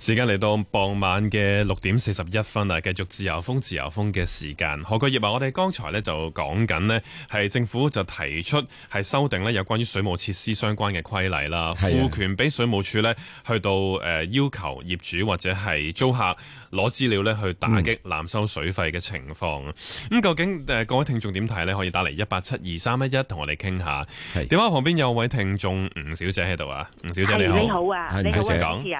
時間嚟到傍晚嘅六點四十一分啊，繼續自由風自由風嘅時間。何國業話、啊、我哋剛才咧就講緊呢，係政府就提出係修訂呢有關於水務設施相關嘅規例啦，賦、啊、權俾水務處呢去到誒要求業主或者係租客攞資料呢去打擊濫收水費嘅情況。咁、嗯嗯、究竟誒各位聽眾點睇呢？可以打嚟一八七二三一一同我哋傾下。電話是、啊、旁邊有位聽眾吳小姐喺度啊，吳小姐你好，你好啊，你好主持人好的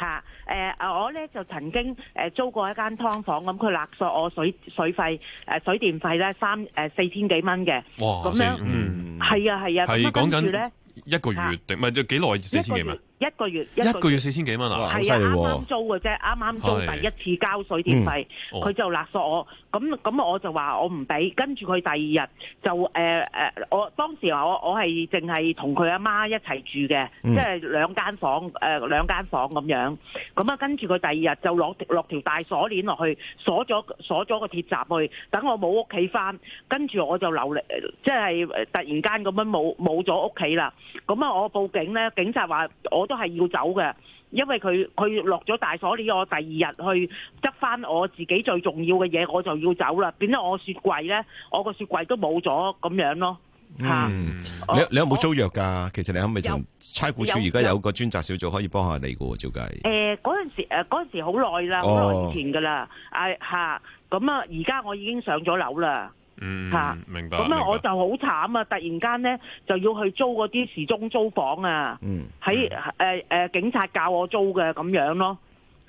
吓，誒誒、啊，我咧就曾經誒租過一間劏房咁，佢勒索我水水費誒、啊、水電費咧三誒四千幾蚊嘅。哇！咁樣嗯，係啊係啊。係講緊一個月定唔係即幾耐四千幾蚊？一個月一個月四千幾蚊啊，係啊的，啱啱租嘅啫，啱啱的租第一次交水電費，佢、嗯、就勒索我，咁咁我就話我唔俾，跟住佢第二日就誒誒、呃呃，我當時我我係淨係同佢阿媽一齊住嘅、嗯呃，即係兩間房誒兩間房咁樣，咁啊跟住佢第二日就攞落條大鎖鏈落去鎖咗鎖咗個鐵閘去，等我冇屋企返，跟住我就留嚟，即係突然間咁樣冇冇咗屋企啦，咁啊我報警咧，警察話我。都係要走嘅，因為佢佢落咗大鎖呢，我第二日去執翻我自己最重要嘅嘢，我就要走啦。變咗我雪櫃咧，我個雪櫃都冇咗咁樣咯。吓，你你有冇租約噶？其實你係咪從差館處而家有個專責小組可以幫下你噶？照計，誒，嗰陣時誒，嗰陣時好耐啦，好耐以前噶啦。啊，吓，咁啊，而家我已經上咗樓啦。嗯吓，明白。咁啊，我就好慘啊！突然間咧，就要去租嗰啲時鐘租房啊，喺誒誒警察教我租嘅咁樣咯，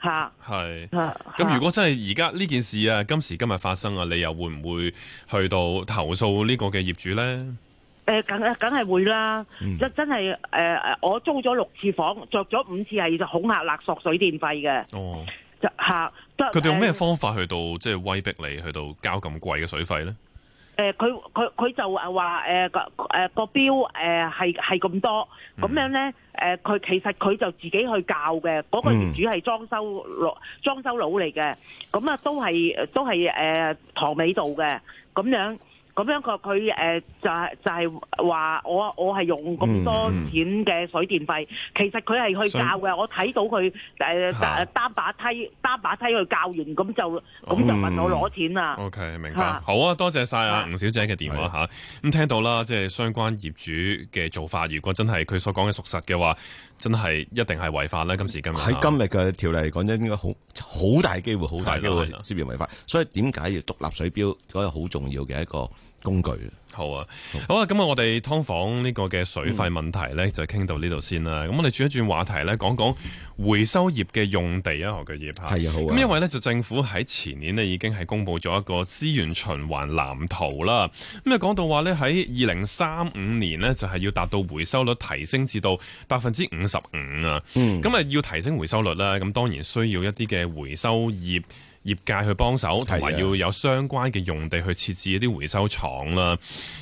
吓係。咁如果真係而家呢件事啊，今時今日發生啊，你又會唔會去到投訴呢個嘅業主咧？誒，梗梗係會啦，真真係誒誒，我租咗六次房，着咗五次係就恐嚇勒索水電費嘅。哦，就吓佢哋用咩方法去到即係威逼你去到交咁貴嘅水費咧？誒，佢佢佢就誒話誒個誒個標誒係係咁多，咁樣咧誒，佢、呃、其實佢就自己去教嘅，嗰、那個業主係裝修老裝修佬嚟嘅，咁啊都係都係誒塘尾道嘅咁樣。咁樣佢佢誒就係、是、就係、是、話我我係用咁多錢嘅水電費，嗯嗯、其實佢係去教嘅。以我睇到佢誒搭把梯搭把梯去教完，咁就咁、嗯、就問我攞錢啦。OK，明白。啊好啊，多謝晒啊吳小姐嘅電話吓，咁、啊啊啊、聽到啦，即、就、係、是、相關業主嘅做法，如果真係佢所講嘅屬實嘅話，真係一定係違法啦。今時今日喺今日嘅條例嚟講，應該好好大機會，好大機會涉嫌違法。啊啊、所以點解要獨立水表？嗰、那個好重要嘅一個。工具好啊，好啊，咁啊，我哋劏房呢個嘅水費問題呢，嗯、就傾到呢度先啦。咁我哋轉一轉話題呢，講講回收業嘅用地啊，何巨業吓，係啊，好啊。咁因為呢，就政府喺前年呢已經係公佈咗一個資源循環藍圖啦。咁啊，講到話呢，喺二零三五年呢，就係、是、要達到回收率提升至到百分之五十五啊。咁啊，要提升回收率啦，咁當然需要一啲嘅回收業。業界去幫手同埋要有相關嘅用地去設置一啲回收廠啦。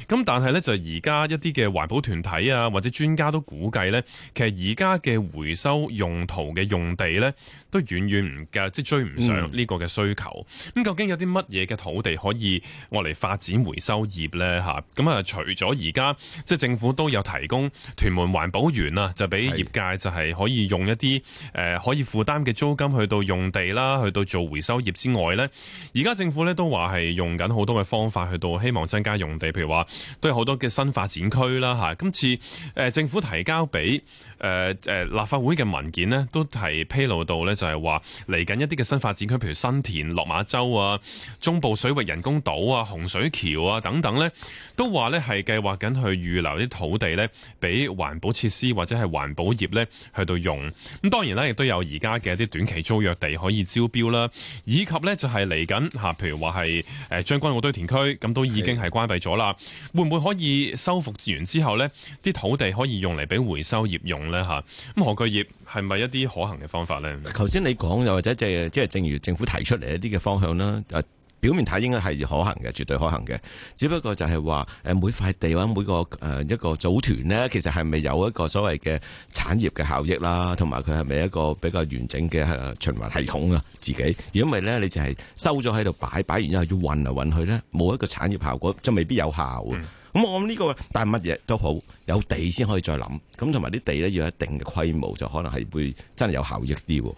咁的但係咧就而家一啲嘅環保團體啊或者專家都估計咧，其實而家嘅回收用途嘅用地咧都遠遠唔夠，即係追唔上呢個嘅需求。咁，嗯，究竟有啲乜嘢嘅土地可以我嚟發展回收業咧？吓，啊，咁啊，除咗而家即係政府都有提供屯門環保園啦，啊，就俾業界就係可以用一啲誒，呃，可以負擔嘅租金去到用地啦，去到做回收業之外咧，而家政府咧都話係用緊好多嘅方法去到希望增加用地，譬如話都有好多嘅新發展區啦，吓，今次誒、呃、政府提交俾誒誒立法會嘅文件咧，都係披露到咧就係話嚟緊一啲嘅新發展區，譬如新田、落馬洲啊、中部水域人工島啊、洪水橋啊等等咧，都話咧係計劃緊去預留啲土地咧，俾環保設施或者係環保業咧去到用。咁當然啦，亦都有而家嘅一啲短期租約地可以招標啦，以以及咧就係嚟緊吓，譬如話係誒將軍澳堆填區咁都已經係關閉咗啦，是的 會唔會可以修復完之後咧，啲土地可以用嚟俾回收業用咧吓？咁何嘅業係咪一啲可行嘅方法咧？頭先你講又或者即係即係，正如政府提出嚟一啲嘅方向啦。表面睇應該係可行嘅，絕對可行嘅。只不過就係話，每塊地或者每一個、呃、一個組團呢，其實係咪有一個所謂嘅產業嘅效益啦，同埋佢係咪一個比較完整嘅循環系統啊？自己如果唔係呢，你就係收咗喺度擺，擺完之後要運嚟運去呢，冇一個產業效果，就未必有效咁、嗯、我諗、這、呢個，但係乜嘢都好，有地先可以再諗。咁同埋啲地呢，要有一定嘅規模，就可能係會真係有效益啲。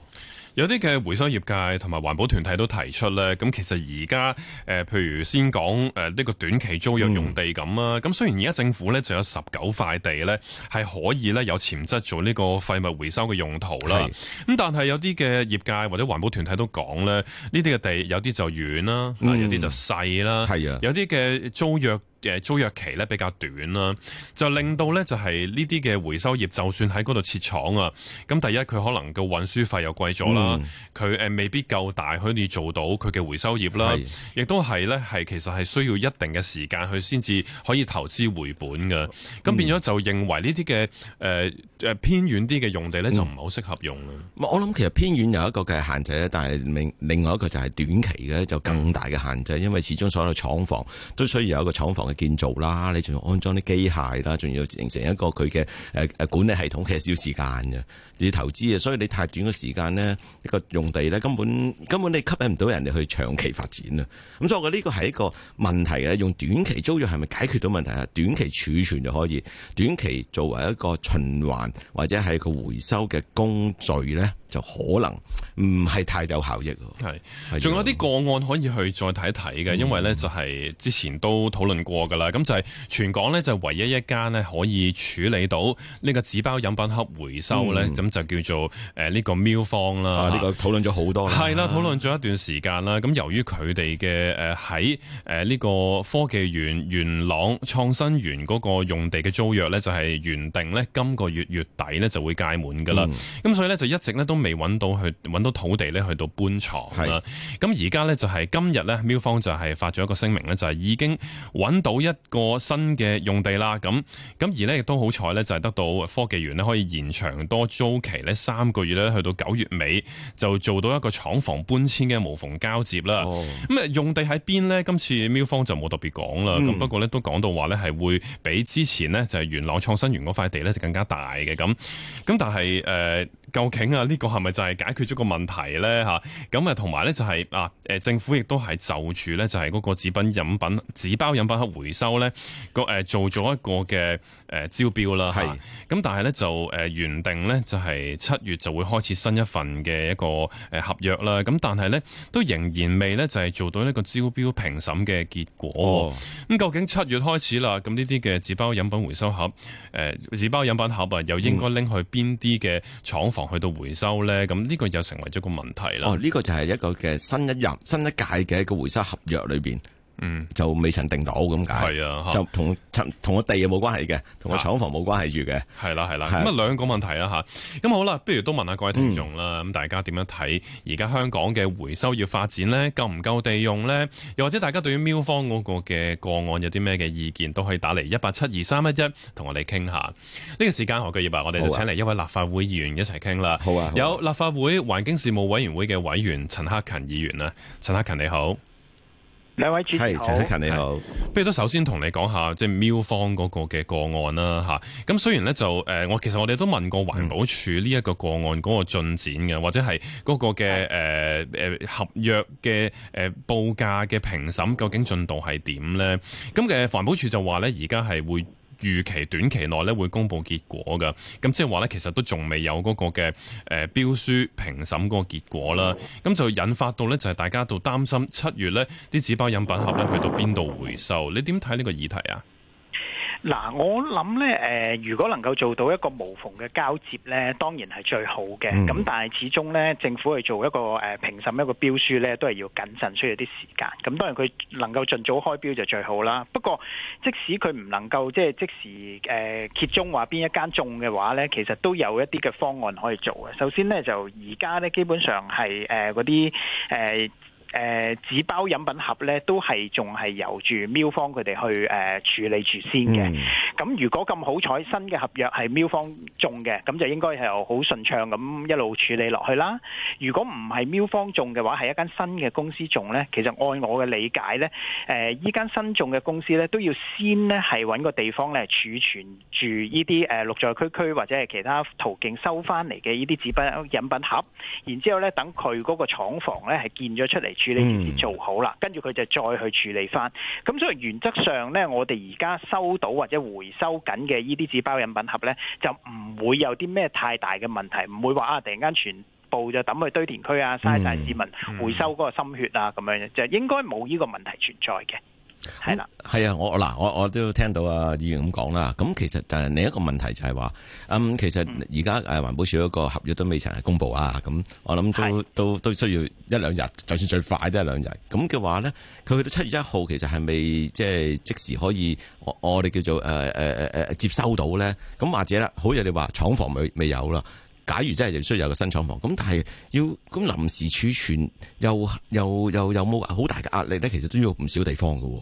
有啲嘅回收業界同埋環保團體都提出咧，咁其實而家誒，譬如先講誒呢個短期租約用地咁啦，咁、嗯、雖然而家政府咧就有十九塊地咧係可以咧有潛質做呢個廢物回收嘅用途啦，咁是但係有啲嘅業界或者環保團體都講咧，呢啲嘅地有啲就遠啦，有啲就細啦，係啊、嗯，有啲嘅租約嘅租約期咧比較短啦，就令到咧就係呢啲嘅回收業，就算喺嗰度設廠啊，咁第一佢可能個運輸費又貴咗啦，佢、嗯、未必夠大可以做到佢嘅回收業啦，亦都係咧係其實係需要一定嘅時間去先至可以投資回本嘅，咁、嗯、變咗就認為呢啲嘅偏遠啲嘅用地咧就唔係好適合用啦、嗯。我諗其實偏遠有一個嘅限制咧，但係另另外一個就係短期嘅就更大嘅限制，因為始終所有廠房都需要有一個廠房。建造啦，你仲要安裝啲機械啦，仲要形成一個佢嘅、誒誒管理系統，其實要時間嘅。你投資啊，所以你太短嘅時間咧，一、呢個用地咧根本根本你吸引唔到人哋去長期發展啊！咁所以我覺得呢個係一個問題咧。用短期租約係咪解決到問題啊？短期儲存就可以，短期作為一個循環或者係個回收嘅工序咧，就可能唔係太有效益的。係，仲有啲個案可以去再睇一睇嘅，嗯、因為咧就係之前都討論過噶啦。咁就係、是、全港咧就唯一一間咧可以處理到呢個紙包飲品盒回收咧，嗯就叫做誒呢個喵坊啦，呢、呢個討論咗好多了，係啦，討論咗一段時間啦。咁、啊、由於佢哋嘅誒喺誒呢個科技園元朗創新園個用地嘅租約咧，就係原定咧今個月月底咧就會屆滿噶啦。咁、嗯、所以咧就一直咧都未揾到去揾到土地咧去到搬廠啦。咁而家咧就係今日咧喵坊就係發咗一個聲明咧，就係、是、已經揾到一個新嘅用地啦。咁咁而咧亦都好彩咧，就係得到科技園咧可以延長多租。期咧三個月咧，去到九月尾就做到一個廠房搬遷嘅無縫交接啦。咁啊，用地喺邊咧？今次喵方就冇特別講啦。咁、mm. 不過咧，都講到話咧，係會比之前咧就係元朗創新園嗰塊地咧就更加大嘅。咁咁但係誒。呃究竟啊，呢個係咪就係解決咗個問題咧？吓咁、就是、啊，同埋咧就係啊，誒政府亦都係就住咧，就係個紙品飲品紙包飲品盒回收咧個誒做咗一個嘅誒招標啦係咁但係咧就誒原定咧就係七月就會開始新一份嘅一個誒合約啦。咁但係咧都仍然未咧就係做到呢個招標評審嘅結果。咁、哦、究竟七月開始啦，咁呢啲嘅紙包飲品回收盒誒紙、呃、包飲品盒啊，又應該拎去邊啲嘅廠房？嗯去到回收呢，咁呢個又成為咗個問題啦。哦，呢個就係一個嘅新一任、新一屆嘅一個回收合約裏邊。嗯，就未曾定到咁解，係啊，就同同我地冇關係嘅，同我廠房冇關係住嘅，係啦係啦。咁啊兩、啊啊、個問題啦吓，咁、啊、好啦，不如都問下各位聽眾啦，咁、嗯、大家點樣睇而家香港嘅回收業發展呢？夠唔夠地用呢？又或者大家對於喵坊嗰個嘅個案有啲咩嘅意見，都可以打嚟一八七二三一一同我哋傾下。呢、這個時間何巨業啊，我哋就請嚟一位立法會議員一齊傾啦。好啊，有立法會環境事務委員會嘅委員陳克勤議員啊，陳克勤，陳克勤你好。兩位係陳克勤，你好，不如都首先同你講下即係、就是、m 方嗰個嘅個案啦，吓。咁雖然咧就誒，我、呃、其實我哋都問過環保署呢一個個案嗰個進展嘅，或者係嗰個嘅誒誒合約嘅誒、呃、報價嘅評審，究竟進度係點咧？咁嘅環保署就話咧，而家係會。預期短期內咧會公布結果嘅，咁即係話咧，其實都仲未有嗰個嘅誒、呃、標書評審嗰個結果啦，咁就引發到咧就係、是、大家都擔心七月咧啲紙包飲品盒咧去到邊度回收？你點睇呢個議題啊？嗱，我諗咧，誒、呃，如果能夠做到一個無縫嘅交接咧，當然係最好嘅。咁、嗯、但係始終咧，政府去做一個誒、呃、評審一個標書咧，都係要謹慎，需要啲時間。咁、嗯、當然佢能夠盡早開標就最好啦。不過即使佢唔能夠即係即時誒、呃、揭盅話邊一間中嘅話咧，其實都有一啲嘅方案可以做啊。首先咧就而家咧基本上係誒嗰啲誒。呃誒、呃、紙包飲品盒咧，都係仲係由住喵坊佢哋去誒、呃、處理住先嘅。咁、嗯、如果咁好彩，新嘅合約係喵坊中嘅，咁就應該係好順暢咁一路處理落去啦。如果唔係喵坊中嘅話，係一間新嘅公司中咧，其實按我嘅理解咧，誒依間新中嘅公司咧都要先咧係搵個地方咧儲存住呢啲誒綠在區區或者係其他途徑收翻嚟嘅呢啲紙包飲品盒，然之後咧等佢嗰個廠房咧係建咗出嚟。嗯，處理件事做好啦，跟住佢就再去處理返。咁所以原則上呢，我哋而家收到或者回收緊嘅呢啲紙包飲品盒呢，就唔會有啲咩太大嘅問題，唔會話啊，突然間全部就抌去堆填區啊，嘥晒市民回收嗰個心血啊，咁樣嘅，就應該冇呢個問題存在嘅。係啦，係啊，我嗱，我我都聽到啊，議員咁講啦。咁其實就係另一個問題就係話，咁其實而家誒環保署嗰個合約都未曾公布啊。咁我諗都都都需要一兩日，就算最快都一兩日。咁嘅話咧，佢去到七月一號，其實係未即係即時可以，我我哋叫做誒誒誒誒接收到咧。咁或者啦，好似你話廠房未未有啦。假如真係要需要有個新廠房咁，但係要咁臨時儲存又又又又有冇好大嘅壓力咧？其實都要唔少地方㗎喎。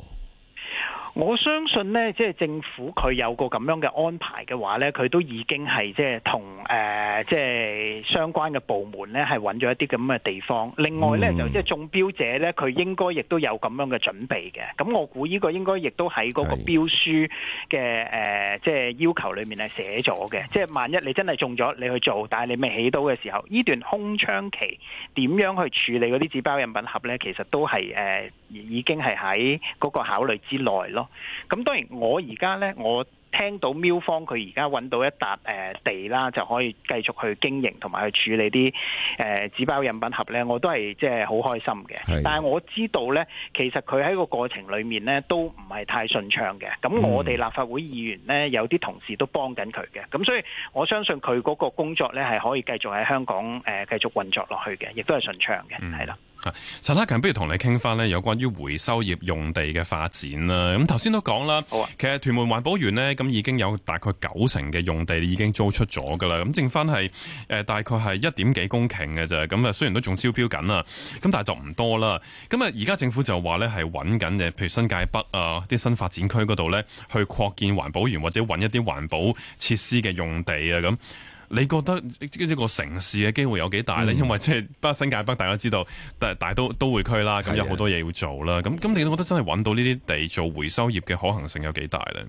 我相信呢，即係政府佢有個咁樣嘅安排嘅話呢，佢都已經係、呃、即係同誒即係相關嘅部門呢，係揾咗一啲咁嘅地方。另外呢、嗯、就即係中標者呢，佢應該亦都有咁樣嘅準備嘅。咁我估呢個應該亦都喺嗰個標書嘅誒、呃，即係要求裏面係寫咗嘅。即係萬一你真係中咗，你去做，但係你未起到嘅時候，呢段空窗期點樣去處理嗰啲紙包飲品盒呢？其實都係誒。呃已經係喺嗰個考慮之內咯。咁當然我，我而家咧，我。聽到苗方佢而家揾到一笪誒地啦，就可以繼續去經營同埋去處理啲誒紙包飲品盒呢，我都係即係好開心嘅。的但係我知道呢，其實佢喺個過程裡面呢都唔係太順暢嘅。咁我哋立法會議員呢，嗯、有啲同事都幫緊佢嘅。咁所以我相信佢嗰個工作呢係可以繼續喺香港誒、呃、繼續運作落去嘅，亦都係順暢嘅。係啦、嗯，的陳克勤，不如同你傾翻呢有關於回收業用地嘅發展啦。咁頭先都講啦，好啊、其實屯門環保園呢，咁已經有大概九成嘅用地已經租出咗噶啦，咁剩翻係誒大概係一點幾公頃嘅啫。咁啊，雖然都仲招標緊啦，咁但係就唔多啦。咁啊，而家政府就話咧係揾緊嘅，譬如新界北啊啲新發展區嗰度咧，去擴建環保園或者揾一啲環保設施嘅用地啊。咁你覺得呢個城市嘅機會有幾大咧？嗯、因為即係北新界北，大家都知道大都都會區啦，咁有好多嘢要做啦。咁咁，你都覺得真係揾到呢啲地做回收業嘅可行性有幾大咧？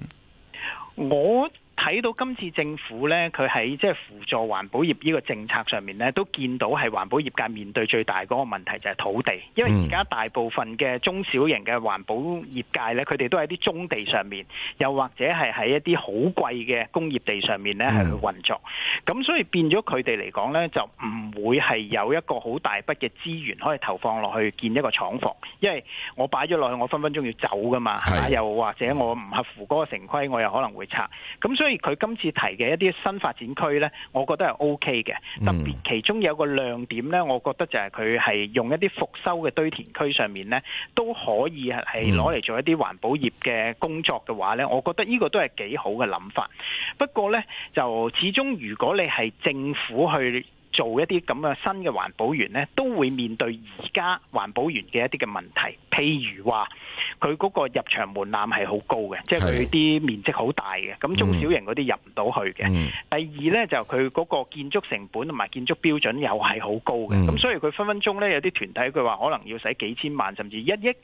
我。睇到今次政府咧，佢喺即係輔助環保業呢個政策上面咧，都見到係環保業界面對最大嗰個問題就係土地，因為而家大部分嘅中小型嘅環保業界咧，佢哋都喺啲棕地上面，又或者係喺一啲好貴嘅工業地上面咧係去運作，咁所以變咗佢哋嚟講咧，就唔會係有一個好大筆嘅資源可以投放落去建一個廠房，因為我擺咗落去，我分分鐘要走噶嘛，又的或者我唔合乎嗰個城規我又可能會拆，咁所以。所以佢今次提嘅一啲新發展區咧，我覺得係 O K 嘅。特別其中有個亮點咧，我覺得就係佢係用一啲復修嘅堆填區上面咧，都可以係攞嚟做一啲環保業嘅工作嘅話咧，我覺得呢個都係幾好嘅諗法。不過咧，就始終如果你係政府去做一啲咁嘅新嘅環保園咧，都會面對而家環保園嘅一啲嘅問題，譬如話。佢嗰個入場門檻係好高嘅，即係佢啲面積好大嘅，咁是中小型嗰啲入唔到去嘅。嗯、第二呢，就佢嗰個建築成本同埋建築標準又係好高嘅，咁、嗯、所以佢分分鐘呢，有啲團體佢話可能要使幾千萬甚至一億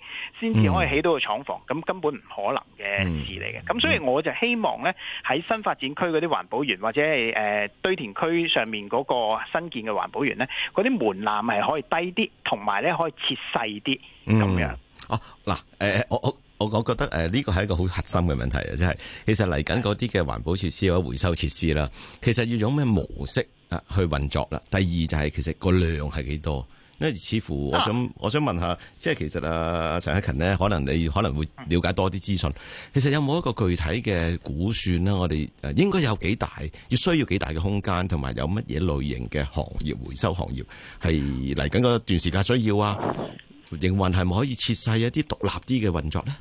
先至可以起到個廠房，咁、嗯、根本唔可能嘅事嚟嘅。咁、嗯、所以我就希望呢，喺新發展區嗰啲環保園或者係、呃、堆填區上面嗰個新建嘅環保園呢，嗰啲門檻係可以低啲，同埋呢可以設細啲咁樣。哦，嗱、啊，誒、呃，我我我我覺得誒呢個係一個好核心嘅問題啊！即係，其實嚟緊嗰啲嘅環保設施或者回收設施啦，其實要用咩模式啊去運作啦？第二就係其實個量係幾多？因為似乎我想我想問下，即係其實啊陳克勤呢，可能你可能會了解多啲資訊。其實有冇一個具體嘅估算咧？我哋誒應該有幾大？要需要幾大嘅空間？同埋有乜嘢類型嘅行業回收行業係嚟緊嗰段時間需要啊？營運係咪可以切細一啲獨立啲嘅運作咧？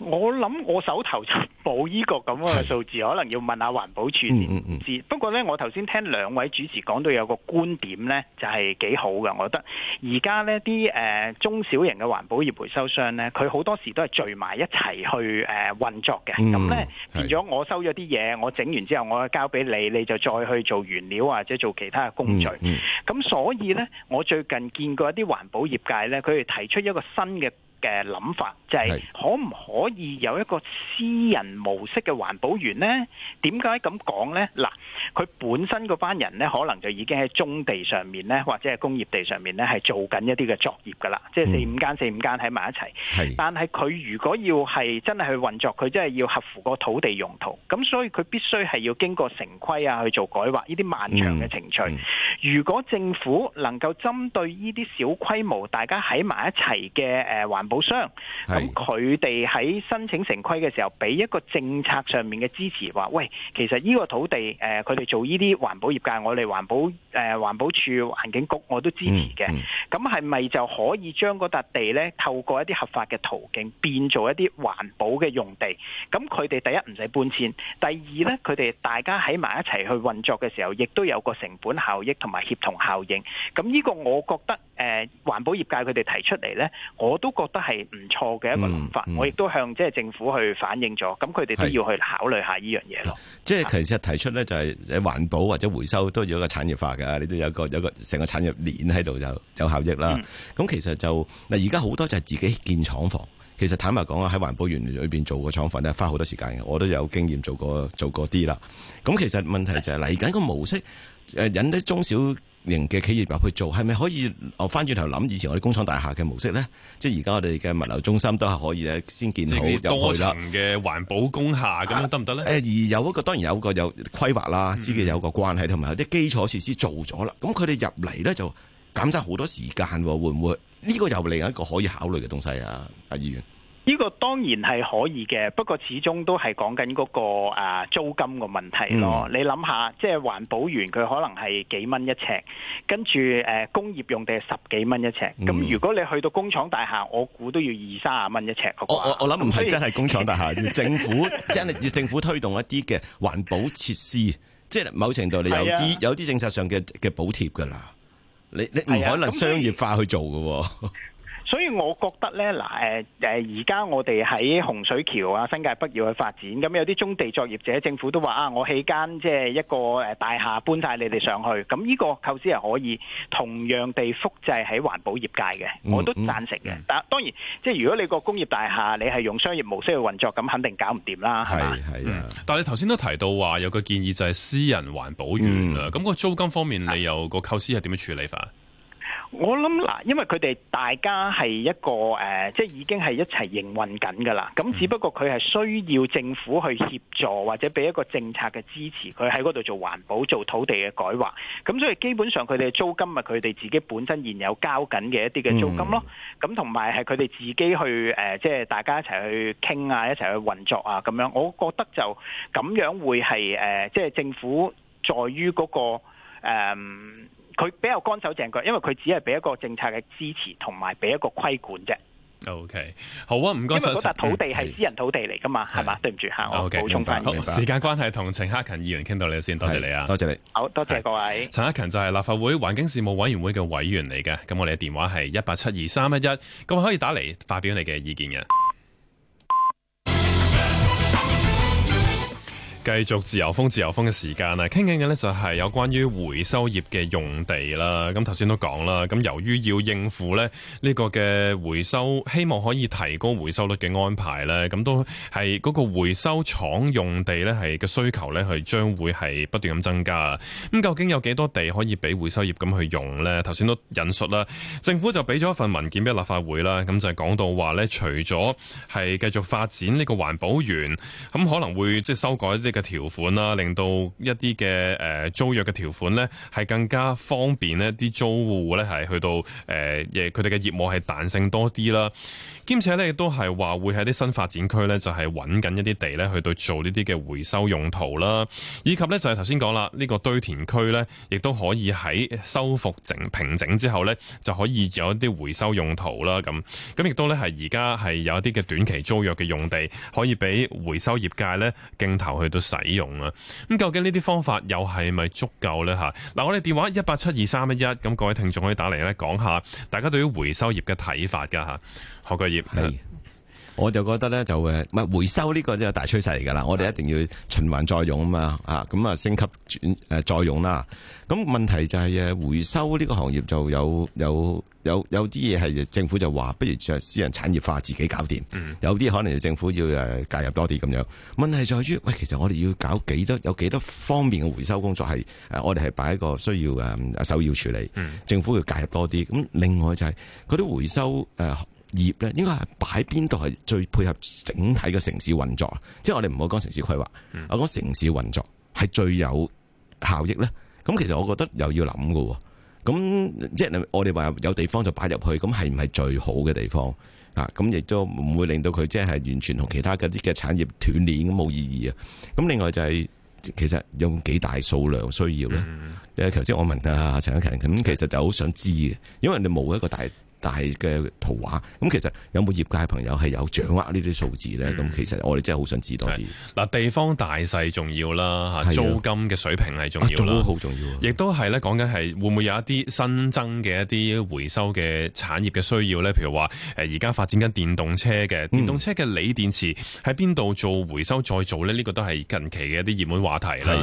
我諗我手頭冇呢個咁嘅數字，是可能要問下環保處先知。嗯嗯、不過呢，我頭先聽兩位主持講到有個觀點呢，就係、是、幾好嘅。我覺得而家呢啲誒、呃、中小型嘅環保業回收商呢，佢好多時都係聚埋一齊去誒運、呃、作嘅。咁、嗯、呢變咗是我收咗啲嘢，我整完之後我交俾你，你就再去做原料或者做其他嘅工序。咁、嗯嗯、所以呢，我最近見過一啲環保業界呢，佢哋提出一個新嘅。嘅諗法就係、是、可唔可以有一個私人模式嘅環保園咧？點解咁講咧？嗱，佢本身嗰班人咧，可能就已經喺中地上面咧，或者係工業地上面咧，係做緊一啲嘅作業噶啦。即、就、係、是、四五間、嗯、四五間喺埋一齊、嗯、但係佢如果要係真係去運作，佢真係要合乎個土地用途，咁所以佢必須係要經過城規啊去做改劃呢啲漫長嘅程序。嗯嗯、如果政府能夠針對呢啲小規模，大家喺埋一齊嘅誒環。呃保商，咁佢哋喺申請城規嘅時候，俾一個政策上面嘅支持，話，喂，其實呢個土地誒，佢哋做呢啲環保業界，我哋環保誒環保處、環境局我都支持嘅。咁係咪就可以將嗰笪地咧，透過一啲合法嘅途徑變做一啲環保嘅用地？咁佢哋第一唔使搬遷，第二咧，佢哋大家喺埋一齊去運作嘅時候，亦都有個成本效益同埋協同效應，咁呢個我覺得。誒，環保業界佢哋提出嚟咧，我都覺得係唔錯嘅一個諗法，我亦都向即係政府去反映咗，咁佢哋都要去考慮下呢樣嘢咯。即係其實提出咧，就係喺環保或者回收都要一個產業化嘅，你都有個有個成個產業鏈喺度就有效益啦。咁其實就嗱，而家好多就係自己建廠房。其實坦白講啊，喺環保園裏邊做個廠房咧，花好多時間嘅。我都有經驗做過做過啲啦。咁其實問題就係嚟緊個模式誒，引得中小型嘅企業入去做係咪可以哦？翻轉頭諗以前我哋工廠大廈嘅模式咧，即係而家我哋嘅物流中心都係可以先建好入去多層嘅環保工廈咁去、啊、樣得唔得咧？誒，而有一個當然有一個有規劃啦，自己有一個關係同埋有啲基礎設施做咗啦。咁佢哋入嚟咧就減省好多時間，會唔會呢、呢個又另一個可以考慮嘅東西啊？阿議員。呢個當然係可以嘅，不過始終都係講緊嗰個租金嘅問題咯。嗯、你諗下，即係環保園佢可能係幾蚊一尺，跟住誒工業用地係十幾蚊一尺。咁、嗯、如果你去到工廠大廈，我估都要二三十蚊一尺。我我我諗唔係真係工廠大廈，政府 真係要政府推動一啲嘅環保設施，即係某程度你有啲、啊、有啲政策上嘅嘅補貼㗎啦。你你唔可能商業化去做㗎喎。所以我覺得呢，嗱，誒誒，而家我哋喺洪水橋啊、新界北要去發展，咁有啲棕地作業者，政府都話啊，我起間即係一個誒大廈搬晒你哋上去，咁呢個構思係可以同樣地複製喺環保業界嘅，嗯、我都贊成嘅。嗯嗯、但當然，即係如果你個工業大廈你係用商業模式去運作，咁肯定搞唔掂啦，係嘛？但係你頭先都提到話有個建議就係私人環保園啦，咁、嗯、個租金方面你有個構思係點樣處理法？我諗嗱，因為佢哋大家係一個誒、呃，即係已經係一齊營運緊噶啦。咁只不過佢係需要政府去協助或者俾一個政策嘅支持，佢喺嗰度做環保、做土地嘅改劃。咁所以基本上佢哋嘅租金咪佢哋自己本身現有交緊嘅一啲嘅租金咯。咁同埋係佢哋自己去誒、呃，即係大家一齊去傾啊，一齊去運作啊咁樣。我覺得就咁樣會係誒、呃，即係政府在於嗰、嗰個誒。呃佢比較乾手淨腳，因為佢只係俾一個政策嘅支持，同埋俾一個規管啫。O、okay. K，好啊，唔該晒。因為嗰笪土地係私人土地嚟噶嘛，係嘛、嗯？對唔住嚇，是我補充翻。Okay, 好，白時間關係，同陳克勤議員傾到你先，多謝你啊，多謝你。好多謝各位。陳克勤就係立法會環境事務委員會嘅委員嚟嘅，咁我哋嘅電話係一八七二三一一，咁可以打嚟發表你嘅意見嘅。繼續自由風自由風嘅時間啊，傾緊嘅咧就係有關於回收業嘅用地啦。咁頭先都講啦，咁由於要應付咧呢個嘅回收，希望可以提高回收率嘅安排咧，咁都係嗰個回收廠用地呢，係嘅需求呢，係將會係不斷咁增加。咁究竟有幾多地可以俾回收業咁去用呢？頭先都引述啦，政府就俾咗一份文件俾立法會啦，咁就係講到話呢，除咗係繼續發展呢個環保園，咁可能會即係修改嘅條款啦，令到一啲嘅誒租約嘅條款咧，係更加方便呢啲租戶咧係去到誒業佢哋嘅業務係彈性多啲啦。兼且咧亦都係話會喺啲新發展區咧，就係搵緊一啲地咧去到做呢啲嘅回收用途啦。以及咧就係頭先講啦，呢個堆填區咧，亦都可以喺修復整平整之後咧，就可以有一啲回收用途啦。咁咁亦都咧係而家係有一啲嘅短期租約嘅用地，可以俾回收業界咧競投去到。使用啊，咁究竟呢啲方法又係咪足夠咧？吓？嗱，我哋電話一八七二三一一，咁各位聽眾可以打嚟咧，講下大家對於回收業嘅睇法噶吓，何個業係。我就覺得咧就誒，唔係回收呢個即係大趨勢嚟噶啦，的我哋一定要循環再用嘛啊！嚇咁啊，升級轉、呃、再用啦。咁問題就係、誒、回收呢個行業就有有有有啲嘢係政府就話，不如就私人產業化自己搞掂。嗯、有啲可能就政府要、啊、介入多啲咁樣。問題在於，喂，其實我哋要搞幾多？有幾多方面嘅回收工作係、啊、我哋係擺一個需要誒首、啊、要處理。嗯、政府要介入多啲。咁另外就係佢啲回收、啊業咧應該係擺邊度係最配合整體嘅城市運作，即係我哋唔好講城市規劃，嗯、我講城市運作係最有效益咧。咁其實我覺得又要諗㗎喎。咁即係我哋話有地方就擺入去，咁係唔係最好嘅地方啊？咁亦都唔會令到佢即係完全同其他嗰啲嘅產業斷鏈咁冇意義啊。咁另外就係、是、其實有幾大數量需要咧。誒、嗯，頭先我問啊陳克勤咁，其實就好想知嘅，因為你冇一個大。大嘅圖畫，咁其實有冇業界朋友係有掌握呢啲數字咧？咁、嗯、其實我哋真係好想知道嗱，地方大細重要啦，吓租金嘅水平係重要啦，亦、啊、都係咧講緊係會唔會有一啲新增嘅一啲回收嘅產業嘅需要咧？譬如話誒，而家發展緊電動車嘅電動車嘅鋰電池喺邊度做回收再做呢？呢、呢個都係近期嘅一啲熱門話題啦。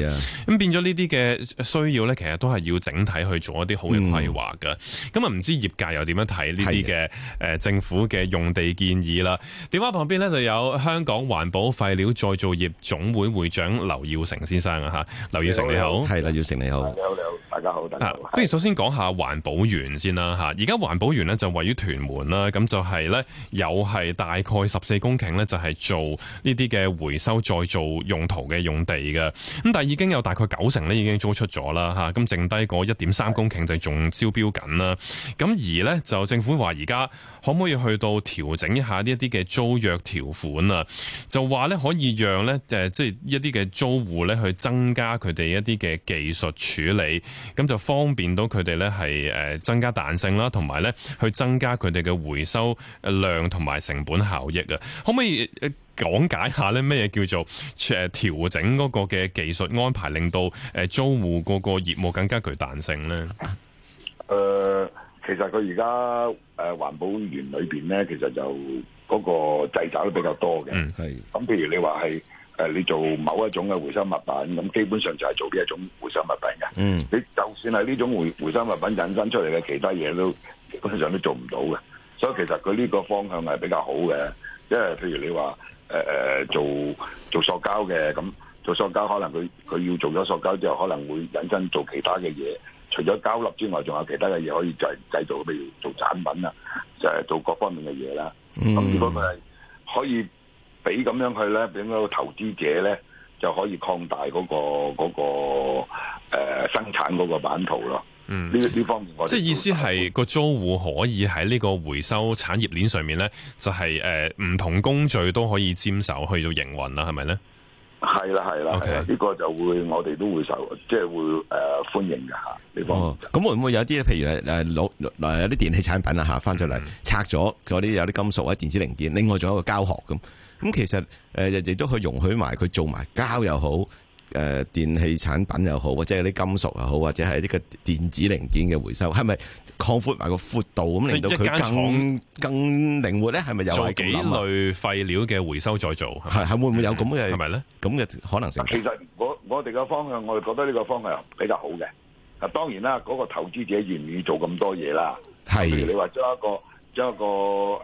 咁的變咗呢啲嘅需要咧，其實都係要整體去做一啲好嘅規劃嘅。咁啊、嗯，唔知業界又點樣睇？呢啲嘅誒政府嘅用地建議啦，電話的旁邊咧就有香港環保廢料再造業總會會長劉耀成先生啊吓，劉耀成你好，係劉耀成你好，你好你好，你好，大家好，大家好。不如的首先講下環保園先啦吓，而家環保園咧就位於屯門啦，咁就係咧有係大概十四公頃咧就係做呢啲嘅回收再造用途嘅用地嘅，咁但係已經有大概九成咧已經租出咗啦吓，咁剩低嗰一點三公頃就仲招標緊啦，咁而咧就政府話而家可唔可以去到調整一下呢一啲嘅租約條款啊？就話咧可以讓咧誒，即係一啲嘅租戶咧去增加佢哋一啲嘅技術處理，咁就方便到佢哋咧係誒增加彈性啦，同埋咧去增加佢哋嘅回收量同埋成本效益啊？可唔可以講解下咧咩，叫做誒調整嗰個嘅技術安排，令到誒租戶嗰個業務更加具彈性咧？誒、uh。其實佢而家誒環保園裏邊咧，其實就嗰個製造都比較多嘅。嗯，係。咁譬如你話係誒你做某一種嘅回收物品，咁基本上就係做呢一種回收物品嘅。嗯，你就算係呢種回回收物品引申出嚟嘅其他嘢，都基本上都做唔到嘅。所以其實佢呢個方向係比較好嘅，因為譬如你話誒誒做做塑膠嘅，咁做塑膠可能佢佢要做咗塑膠之後，可能會引申做其他嘅嘢。除咗交納之外，仲有其他嘅嘢可以製製造，譬如做產品啊，就係做各方面嘅嘢啦。咁、嗯、如果佢係可以俾咁樣去咧，俾嗰個投資者咧，就可以擴大嗰、嗰個嗰、嗰個呃、生產嗰個版圖咯。呢呢、嗯、方面，即係意思係個租戶可以喺呢個回收產業鏈上面咧、就係，就係誒唔同工序都可以沾手去到營運啦，係咪咧？係啦，係啦，呢 Okay. 個就會我哋都會受，即、就、係、是、會誒、呃、歡迎嘅吓。你講，咁、哦、會唔會有啲，譬如誒誒、啊、老嗱有啲電器產品啊吓，翻出嚟拆咗，嗰啲有啲金屬啊、屬或者電子零件，另外仲有一個膠殼咁。咁其實誒亦、啊、都去容許埋佢做埋膠又好。誒，電器產品又好，或者啲金屬又好，或者係呢個電子零件嘅回收，係咪擴闊埋個闊度咁，令到佢更更靈活咧？係咪又係幾類廢料嘅回收再做？係係會唔會有咁嘅係咪咧？咁嘅可能性？其實我我哋嘅方向，我哋覺得呢個方向比較好嘅。嗱，當然啦，嗰個投資者願唔願意做咁多嘢啦？係。譬如你話將一個將一個誒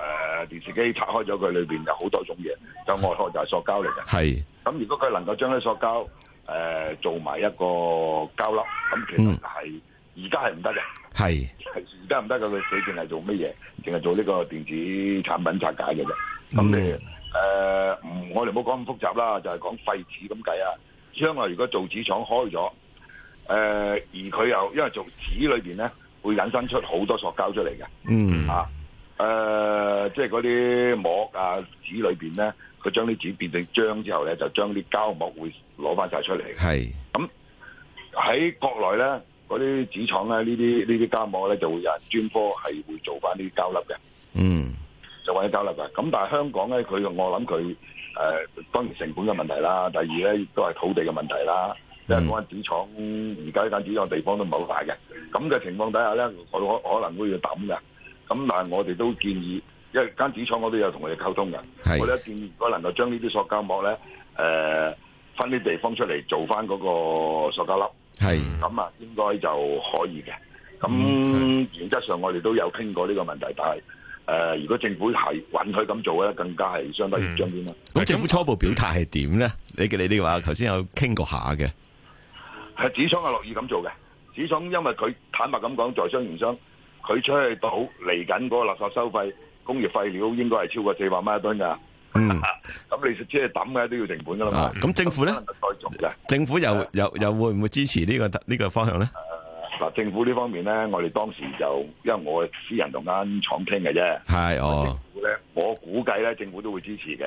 電視機拆開咗，佢裏邊有好多種嘢，就外殼就係塑膠嚟嘅。係。咁如果佢能夠將啲塑膠誒、呃、做埋一個膠粒，咁其實係而家係唔得嘅，係而家唔得嘅佢，佢淨係做乜嘢？淨係做呢個電子產品拆解嘅啫。咁你誒，我哋唔好講咁複雜啦，就係、是、講廢紙咁計啊，將來如果開、呃而又。因為如果做紙廠開咗，誒而佢又因為做紙裏面咧，會引申出好多塑膠出嚟嘅，嗯、啊誒、呃，即係嗰啲膜啊紙裏邊咧，佢將啲紙變成漿之後咧，就將啲膠膜會攞翻晒出嚟。係咁喺國內咧，嗰啲紙廠咧，呢啲呢啲膠膜咧，就會有人專科係會做翻啲膠粒嘅。嗯，就揾啲膠粒嘅。咁但係香港咧，佢我諗佢誒，當然成本嘅問題啦。第二咧，亦都係土地嘅問題啦。即、嗯、因為嗰間紙廠而家呢間紙廠嘅地方都唔係好大嘅。咁嘅情況底下咧，佢可可能會要抌嘅。咁但係我哋都建議，因為間紙廠我都有同佢哋溝通嘅，是我哋都建議，如果能夠將呢啲塑膠膜咧，誒、呃、分啲地方出嚟做翻嗰個塑膠粒，咁啊是，應該就可以嘅。咁、嗯、原則上我哋都有傾過呢個問題，但係誒、呃，如果政府係允許咁做咧，更加係相對易將啲啦。咁、嗯、政府初步表態係點咧？你嘅你你話頭先有傾過下嘅，係紙廠係樂意咁做嘅，紙廠因為佢坦白咁講，在商言商。佢出去到嚟緊嗰個垃圾收費工業廢料應該係超過四百蚊一噸㗎。嗯，咁 你即係抌嘅都要成本㗎啦嘛。咁、啊、政府咧？政府又又又會唔會支持呢個呢個方向咧？嗱，政府呢方面咧，我哋當時就因為我私人同間廠傾嘅啫。係哦。政府咧，我估計咧，政府都會支持嘅。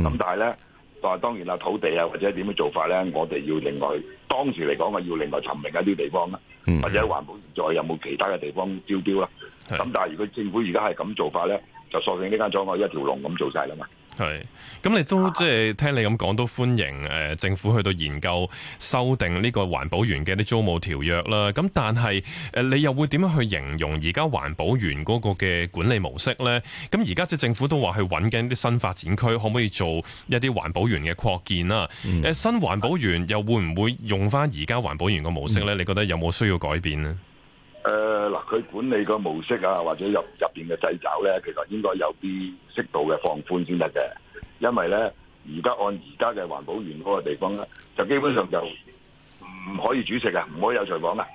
咁、嗯、但係咧。但當然啦，土地啊或者點樣做法呢？我哋要另外當時嚟講，我要另外尋明一啲地方啦，或者環保署再有冇其他嘅地方招標啦。咁但係如果政府而家係咁做法呢，就索性呢間廠我一條龍咁做晒啦嘛。係，咁你都即係、就是、聽你咁講都歡迎誒、呃，政府去到研究修訂呢個環保園嘅啲租務條約啦。咁但係誒、呃，你又會點樣去形容而家環保園嗰個嘅管理模式呢？咁而家即政府都話去揾緊啲新發展區，可唔可以做一啲環保園嘅擴建啦？誒、嗯啊，新環保園又會唔會用翻而家環保園嘅模式呢？你覺得有冇需要改變呢？誒，嗱、呃，佢管理個模式啊，或者入入面嘅掣肘咧，其實應該有啲適度嘅放寬先得嘅，因為咧，而家按而家嘅係環保園嗰個地方咧，就基本上就唔可以煮食啊，唔可以有廚房啊，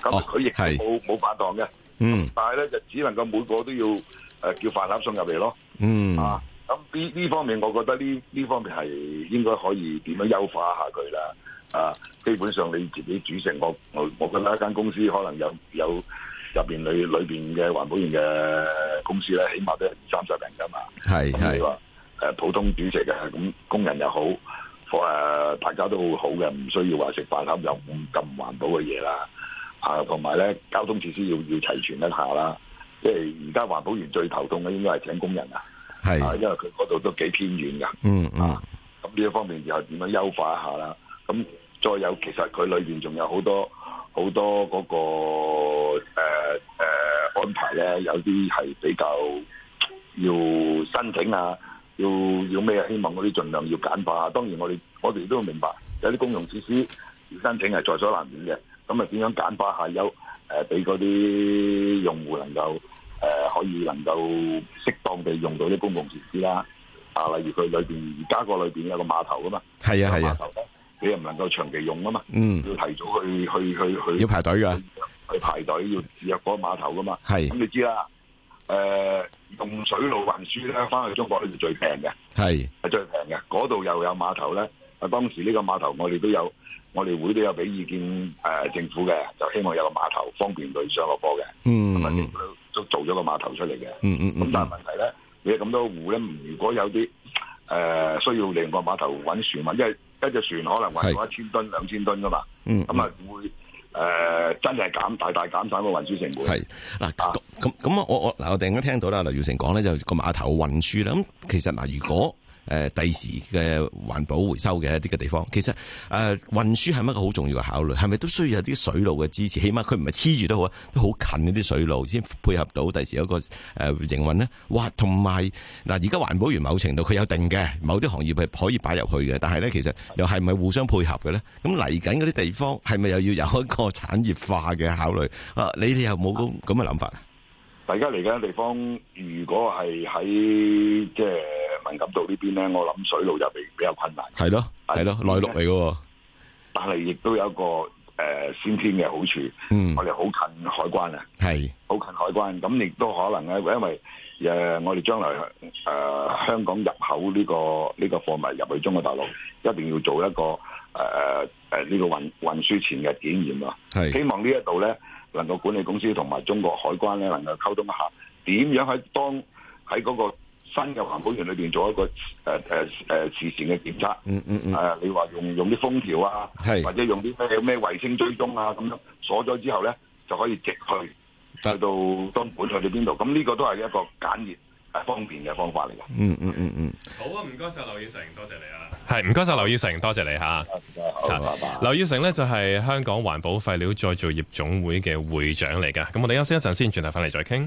咁佢亦都冇冇飯堂嘅。哦、是的嗯，但係咧就只能夠每個都要誒、呃、叫飯盒送入嚟咯，嗯，啊，咁呢呢方面，我覺得呢呢方面係應該可以點樣優化下佢啦。啊，基本上你自己煮食我，我我覺得一間公司可能有有入邊裏面裏邊嘅環保員嘅公司咧，起碼都二三十人噶嘛。係係，話誒普通主席啊，咁工人又好，誒大家都好嘅，唔需要話食飯盒又咁咁環保嘅嘢啦。同埋咧交通設施要要齊全一下啦。即係而家環保員最頭痛嘅應該係請工人是啊。係，因為佢嗰度都幾偏遠噶、嗯。嗯啊，咁呢一方面又點樣優化一下啦？咁、嗯、再有，其實佢裏邊仲有好多好多嗰、那個誒、呃呃、安排咧，有啲係比較要申請啊，要要咩希望嗰啲盡量要簡化。當然我哋我哋都明白，有啲公用設施要申請係在所難免嘅。咁啊，點樣簡化下有誒，俾嗰啲用戶能夠誒、呃、可以能夠適當地用到啲公共設施啦、啊。啊，例如佢裏邊而家個裏邊有個碼頭噶嘛，係啊係啊。你又唔能夠長期用啊嘛，嗯、要提早去去去去要排隊噶、啊，去排隊要入嗰個碼頭噶嘛。咁是，你知啦。誒、呃，用水路運輸咧，翻去中國呢就最平嘅，係係是最平嘅。嗰度又有碼頭咧。啊，當時呢個碼頭我哋都有，我哋會都有俾意見誒、呃、政府嘅，就希望有個碼頭方便對上落貨嘅。嗯，咁啊，都做咗個碼頭出嚟嘅、嗯。嗯嗯咁但係問題咧，你咁多戶咧，如果有啲誒、呃、需要另外碼頭搵船運，因為一隻船可能運到一千噸、兩千是噸㗎嘛，咁啊、嗯、會誒、呃、真係減大大減省個運輸成本。係嗱，咁、啊、咁、啊、我我嗱我突然間聽到啦，劉耀成講咧就個碼頭運輸啦。咁其實嗱、啊，如果誒第時嘅環保回收嘅一啲嘅地方，其實誒運輸係乜嘢好重要嘅考慮，係咪都需要有啲水路嘅支持？起碼佢唔係黐住都好，都好近嗰啲水路先配合到第時有一個誒營運咧。哇！同埋嗱，而家環保園某程度佢有定嘅，某啲行業係可以擺入去嘅，但係呢，其實又係咪互相配合嘅呢？咁嚟緊嗰啲地方係咪又要有一個產業化嘅考慮？啊，你哋有冇咁嘅諗法？大家嚟緊嘅地方，如果係喺即係文錦渡這邊呢邊咧，我諗水路入嚟比較困難。係咯，係咯，內陸嚟嘅。來的但係亦都有一個誒、呃、先天嘅好處，嗯，我哋好近海關啊，係好近海關。咁亦的都可能咧，因為誒、呃、我哋將來誒、呃、香港入口呢、這個呢、這個貨物入去中國大陸，一定要做一個誒誒呢個運運輸前嘅檢驗啊。係的，希望這裡呢一度咧。能夠管理公司同埋中國海關咧，能夠溝通一下點樣喺當喺嗰個新嘅環保園裏邊做一個誒誒誒事前嘅檢測。嗯嗯嗯。誒、嗯啊，你話用用啲封條啊，是或者用啲咩咩衛星追蹤啊，咁樣鎖咗之後咧，就可以直去的去到當管去到邊度？咁呢個都係一個簡易方便嘅方法嚟嘅、嗯。嗯嗯嗯嗯。好啊，唔該晒劉耀成，多謝，謝你啊。係，唔該晒劉耀成，多謝，謝你吓、啊。好，劉耀成呢就係、是、香港環保廢料再造業總會嘅會長嚟嘅。咁我哋休息一陣先，轉頭翻嚟再傾。